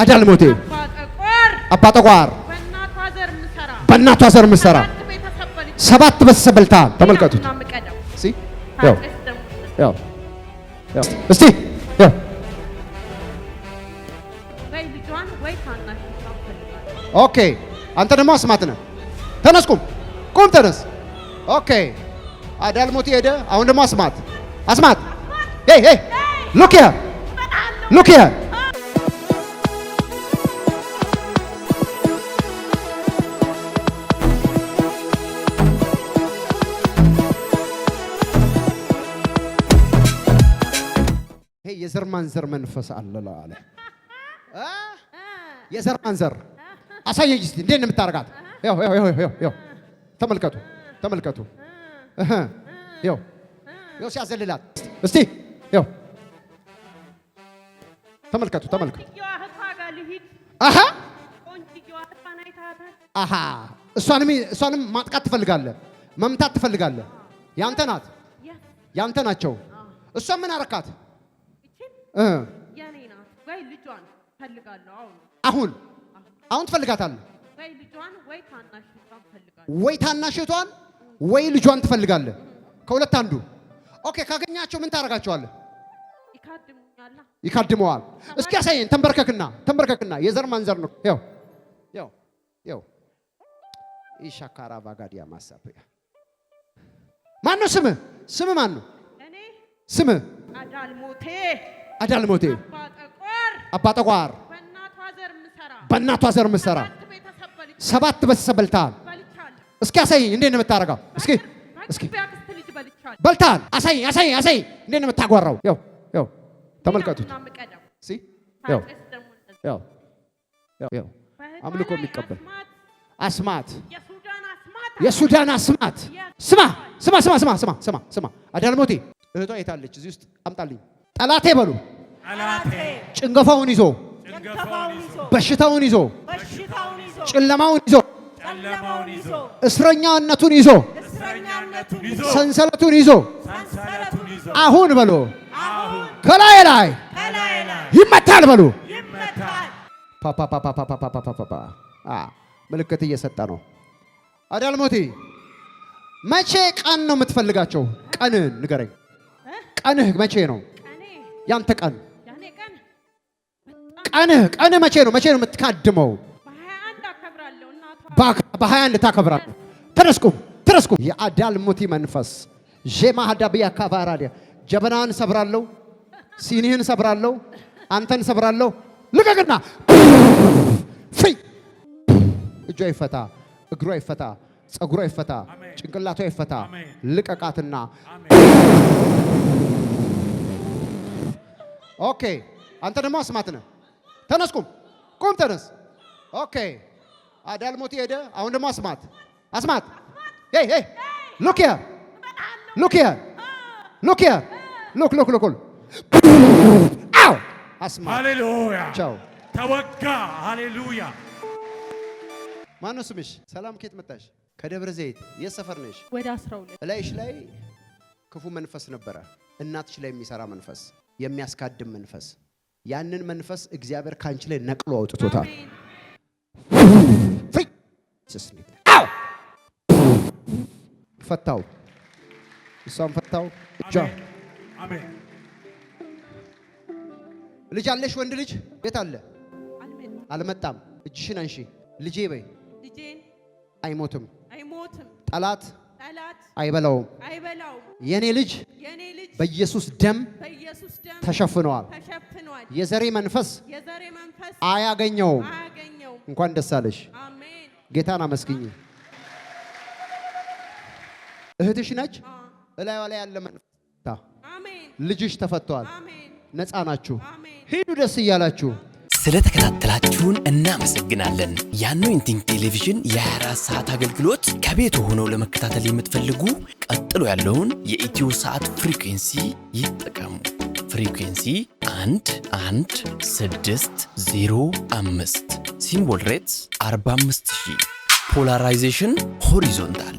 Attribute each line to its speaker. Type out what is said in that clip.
Speaker 1: አጃል ሞቴ አባ ጠቋር በእናቷ ዘር ምሰራ ሰባት ቤተሰብ በልታ ተመልከቱት። እስቲ ኦኬ፣ አንተ ደግሞ አስማት ነህ። ተነስ፣ ቁም፣ ቁም፣ ተነስ። ኦኬ፣ አዳል ሞቴ ሄደ። አሁን ደግሞ አስማት፣ አስማት ሄይ ሄይ ሉክ ሂር ሉክ ሂር የዘር ማንዘር መንፈስ አለ አለ የዘር ማንዘር አሳየኝ እስቲ እንዴት ነው የምታደርጋት? ያው ያው ያው ያው ተመልከቱ፣ ተመልከቱ። እህ ያው ያው ሲያዘልላት እስቲ ያው ተመልከቱ፣ ተመልከቱ። አሃ አሃ እሷንም እሷንም ማጥቃት ትፈልጋለህ፣ መምታት ትፈልጋለህ። ያንተ ናት፣ ያንተ ናቸው። እሷ ምን አረካት? የኔ ናት ወይ ልጇን ፈልጋለሁ። አሁን አሁን ትፈልጋታለህ ወይ ታናሽቷን ወይ ልጇን ትፈልጋለህ? ከሁለት አንዱ። ኦኬ ካገኛቸው ምን ታደርጋቸዋለህ? ይካድመዋል። እስኪ ያሳየን። ተንበርከክና ተንበርከክና የዘር ማንዘር ነው። ያው ያው ያው ኢሻካራ ባጋዲያ ማሳፈያ ማን ነው ስምህ? ስምህ ማን ነው እኔ ስምህ?
Speaker 2: አዳልሞቴ
Speaker 1: አዳልሞቴ ሞቴ አባ ጠቋር በእናቷ ዘር ምሰራ ሰባት ቤተሰብ በልተሃል። እስኪ አሳይኝ፣ እንዴት ነው የምታረጋው? እስኪ እስኪ በልተሃል፣ አሳይኝ፣ አሳይኝ፣ አሳይኝ፣ እንዴት ነው የምታጓራው? ያው ያው ተመልከቱት። አምልኮ የሚቀበል አስማት፣ የሱዳን አስማት። ስማ ስማ ስማ ስማ ስማ ስማ፣ አዳልሞቴ እህቷ የታለች? እዚህ ውስጥ አምጣልኝ ጠላቴ በሉ ጭንገፋውን ይዞ በሽታውን ይዞ ጨለማውን ይዞ እስረኛነቱን ይዞ ሰንሰለቱን ይዞ አሁን በሉ ከላይ ላይ ይመታል በሉ። ምልክት እየሰጠ ነው። አዳልሞቴ መቼ ቀን ነው የምትፈልጋቸው? ቀን ንገረኝ። ቀንህ መቼ ነው? ያንተ ቀን ቀንህ ቀን መቼ ነው? መቼ ነው የምትካድመው? በሀያ አንድ ታከብራለህ። ተነስቁም ተነስቁም የአዳልሙቲ መንፈስ ዤማሃዳብያ ካባራዲያ ጀበናህን ሰብራለሁ፣ ሲኒህን ሰብራለሁ፣ አንተን ሰብራለሁ። ልቀቅና ፍይ እጇ ይፈታ፣ እግሯ ይፈታ፣ ፀጉሯ ይፈታ፣ ጭንቅላቷ ይፈታ። ልቀቃትና ኦኬ። አንተ ደግሞ አስማት ነህ። ተነስ፣ ቁም፣ ቁም፣ ተነስ። ኦኬ። አዳልሞት ሄደ። አሁን ደግሞ አስማት፣ አስማት። ሄይ ሄይ፣ ሉክ ሂር፣ ሉክ ሂር፣ ሉክ ሂር፣ ሉክ ሉክ ሉክ። አው አስማት።
Speaker 3: ሃሌሉያ። ቻው። ተወጋ። ሃሌሉያ።
Speaker 1: ማነው ስምሽ? ሰላም፣ ከየት መጣሽ? ከደብረ ዘይት። የት ሰፈር ነሽ?
Speaker 2: ወደ 12
Speaker 1: ላይሽ ላይ ክፉ መንፈስ ነበረ፣ እናትሽ ላይ የሚሰራ መንፈስ የሚያስካድም መንፈስ ያንን መንፈስ እግዚአብሔር ካንቺ ላይ ነቅሎ አውጥቶታል። ፈታው፣ እሷም ፈታው። ልጅ አለሽ? ወንድ ልጅ ቤት አለ? አልመጣም። እጅሽን አንሺ። ልጄ በይ። አይሞትም ጠላት አይበላውም። የኔ ልጅ በኢየሱስ ደም ተሸፍኗል የዘሬ መንፈስ አያገኘውም። እንኳን ደስ አለሽ። ጌታን አመስግኝ። እህትሽ ነች። እላዩ ላይ ያለ መንፈስ ልጅሽ ተፈቷል። ነፃ ናችሁ። ሂዱ ደስ እያላችሁ
Speaker 4: ስለተከታተላችሁን እናመሰግናለን። የአኖይንቲንግ ቴሌቪዥን የ24 ሰዓት አገልግሎት ከቤቱ ሆነው ለመከታተል የምትፈልጉ ቀጥሎ ያለውን የኢትዮ ሰዓት ፍሪኩንሲ ይጠቀሙ። ፍሪኩንሲ 1 1 6 05 ሲምቦል ሬትስ 45000 ፖላራይዜሽን ሆሪዞንታል